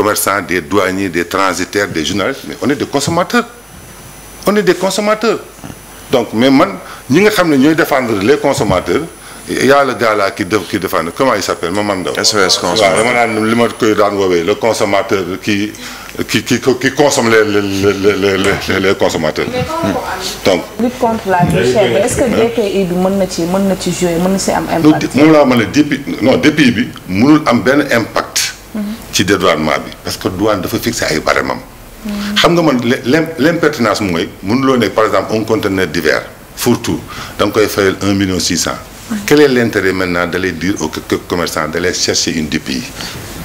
commerçants, des douaniers, des transitaires, des journalistes, mais on est des consommateurs. de est des consommateurs. Donc, mais man, nous devons défendre les consommateurs. Il y a le gars là qui, qui défend, comment Le consommateur qui, qui, qui, qui consomme les, les, les, les consommateurs. Donc, lutte contre la vie chère, est-ce que DPI peut jouer, peut impact. ci dédouanement bi parce que douane dafa fixé ay barème am. xam nga man l' impertinence mooy mënuloo ne par exemple un conteneur divers fourre-tout da koy fayal un million six cent. quel est l' intérêt maintenant d'aller dire aux commerçants d'aller chercher une DPI yi.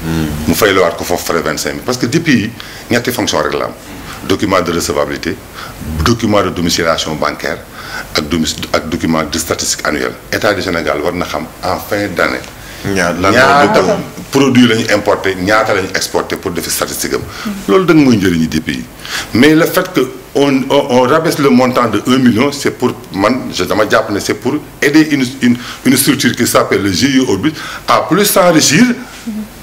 Hmm. mu fay la waat ko foofu frais vingt cinq mille parce que DPI yi ñetti fonction rek la am document de recevabilité document de domiciliation bancaire ak domi ak document de statistique annuelle état Sénégal war na xam en fin d' année. ñaar produit la ñu ñaata la ñu pour defi statistique am. loolu dëgg mooy njëriñu DPI mais le fait que on on, on rabaisse le montant de 1 million c' pour man je dama jàpp ne c' est pour aider une une structure qui s' appelle le GIE Orbit à plus s'enrichir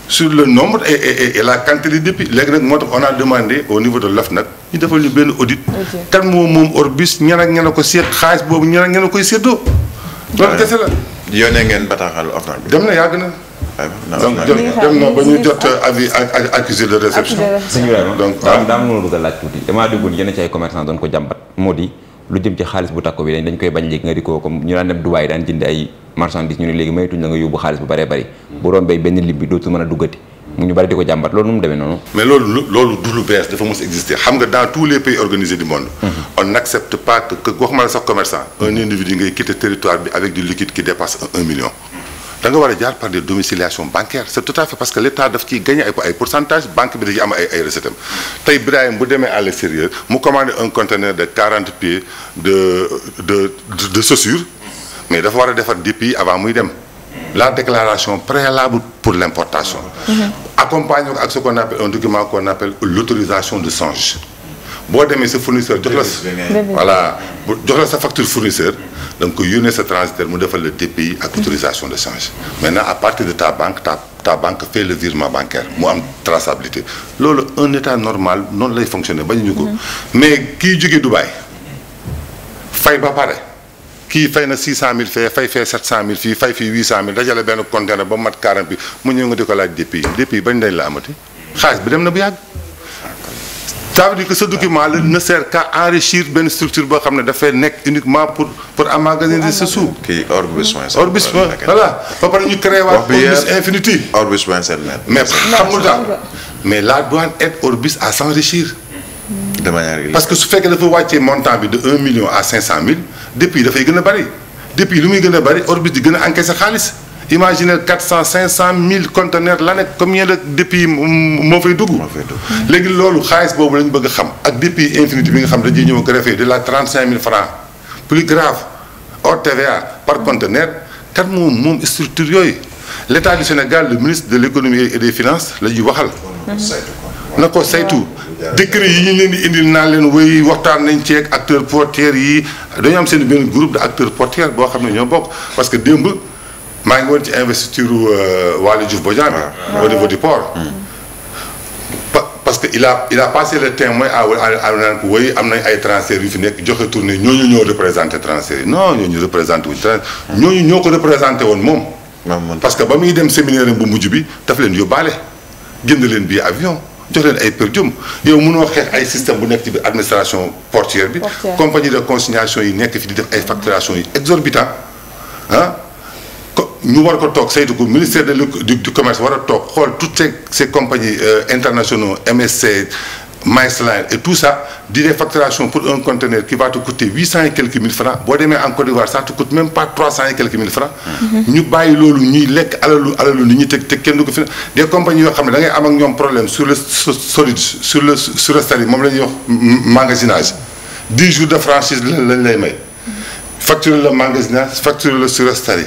sur le nombre et la quantité de DPI léegi nag moo tax on a demandé au niveau de l'OFNAC ñu defal ñu benn audit. kan moom moom Orbit ñan ak ko seet xaalis boobu ñan ak ñan a koy séddoo. loolu kese la. yónnee ngeen bataaxal OFNAC bi. dem na yàgg na. Ah, donc dem donc waaw daam ma la a laaj tuuti damaa déggoon yenn ci ay commerçant doon ko jàmbat moo di lu jëm ci xaalis bu takku bi dañ dañ koy bañ léegi ko a duggati mu ñu bëri di jàmbat loolu nu mu noonu mais loolu loolu du lu bees dafa mos exister xam nga dans tous les pays organisés du monde mhm. on n'accepte pas que waxuma la sax commerçant un individu ngay quitter territoire bi avec du liquide qui dépasse un million danga war a jaar par des domiciliations bancaires c' est tout à fait parce que l' état daf ciy gagné ay ay pourcentage banque bi da ciy am ay ay recettes am tey Birahim bu demee à l' mu commandé un conteneur de 40 pieds de de de, de mais dafa war a defar depuis avant muy dem la déclaration préalable pour l' importation accompagné ko ak ce qu'on appelle un document qu'on appelle l'autorisation de change boo demee si fournisseur jox la voilà jox la sa facture fournisseur da nga koy yónnee sa transitaire mu defal le DPI ak autorisation de change maintenant à partir de ta banque ta ta banque fait le bancaire mu am traçabilité loolu un état normal noonu lay fonctionner bañu ñu ko mhm. mais kii jógee Dubaï fay ba pare kii fay na 600000 fee fay fee 700000 fii fay fii 800000 dajale benn conteneur ba mat 40 bi mu ñëw nga di ko laaj DPI yi bañ dañ la amati xaalis bi dem na bu yàgg ça veut dire que ce document là ne sert qu'à benn structure boo xam ne dafay nekk uniquement pour pour emmagasiner ce sou. kii Orbis point Orbis voilà ba pare ñu créé waat Orbis Infinity. Orbis point sept net. mais xam nga daal mais la douane aide Orbis à s'enrichir de parce que su fekkee dafa wàccee montant bi de 1 million à 500 000 depuis dafay gën a bari depuis lu muy gën a bari Orbis di gën a encaisser xaalis. imaginez quatre cent cinq cent mille conteneurs l'année combien de depuis moo fay dugg. léegi loolu xaalis boobu la bëgg xam ak depuis infinité bi nga xam dañuy ñëw ko defee de la trente cinq mille francs plus grave hors TVA par conteneur kan moom moom structure yooyu l' état du Sénégal le ministre de l' économie et des finances la ñuy waxal. na ko saytu décret yi ñu leen di indil naa leen wéy waxtaan nañ ceeg acteur porteurs yi dañu am seen benn groupe de acteurs porteurs boo xam ne ñoo bokk parce que maa ngi woon ci investiture euh, Waly Diouf Bodian ah. au niveau du port. Hmm. parce que il a il a passé le témoin à à naan am nañ ay transfert yu fi nekk joxe tournée ñooñu ñoo représenté transfert yi non ñooñu représenté wu hmm. ñooñu ñoo ko représenté woon moom. parce que ba muy dem séminaire bu mujj bi daf leen yu yóbbaale jënd leen bii avion jox leen ay per diem yow mënoo xeex ay système bu nekk ci biir administration portière bi. compagnie de consignation yi nekk fi di def ay facturations yi exorbitant ah. ñu war ko toog saytu ko ministère de du commerce war a toog xool toutes ces ces compagnies euh, internationaux MSC MySline et tout ça di des facturations pour un conteneur qui va te coûter huit cent et quelques mille francs boo demee en Côte d'Ivoire ça te coûte même pas trois cent et quelques mille francs. Mm-hmm. ñu bàyyi loolu ñuy lekk alalu alalu nit ñi te kenn du ko fi des compagnies yoo xam ne da ngay am ak ñoom problème sur le solide sur le sur le statut moom la ñuy wax magasinage dix jours de franchise lañ lay may. Mm-hmm. facture le magasinage facture le sur le statut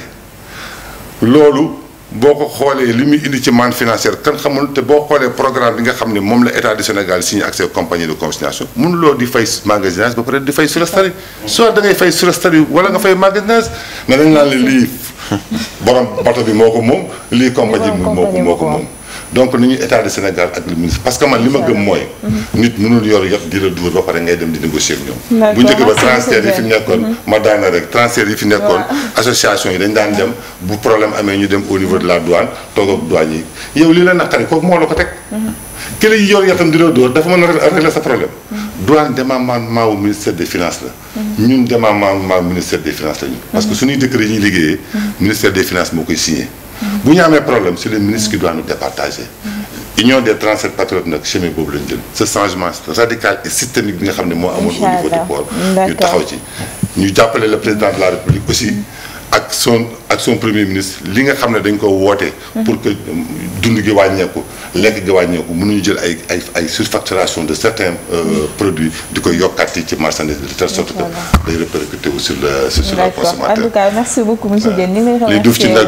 loolu boo ko xoolee li muy indi ci manne financière kan xamul te boo xoolee programme bi nga xam ne moom la état du Sénégal signé ak ses compagnies de consignation loo di fay magasinage ba pare di fay surestarie soit da ngay fay surestarie wala nga fay magasinage mais dañ naan ne lii borom bato bi moo ko moom lii compagnie bi moo ko moo ko moom donc nañu état de Sénégal ak le ministre parce que man li ma gëm mooy. nit mënul yor yëpp di la dóor ba ngay dem di négocier ak ñoom. bu njëkk ba transfert yi fi nekkoon. Mhm. ma daana rek transfert yi fi nekkoon. association yi dañ daan dem bu problème amee ñu dem au niveau de la douane toog ak douane yi yow lii la naqari kooku moo la ko teg. Mhm. kële yi yor yatam di la dóor dafa mën a régler sa problème. Mhm. douane démembrement wu ministère des finances la. ñun démembrement ministère des finances la ñu. parce que suñuy décret yi ñuy liggéeyee. ministère des finances moo koy bu ñu amee problème c' est le ministre qui doit nous départager. union des 37 patriotes nag chemin boobu lañu jël ce changement radical et systémique bi nga xam ne moo amoon au niveau du port ñu taxaw ci ñu jàppale la président de la république aussi ak son ak son premier ministre li nga xam ne dañ ko woote pour que dund gi wàññeeku lekk gi wàññeeku ñu jël ay ay ay surfacturation de certains euh, produits di koy yokkaat yi ci marchandise de telle sorte que day répercuté sur le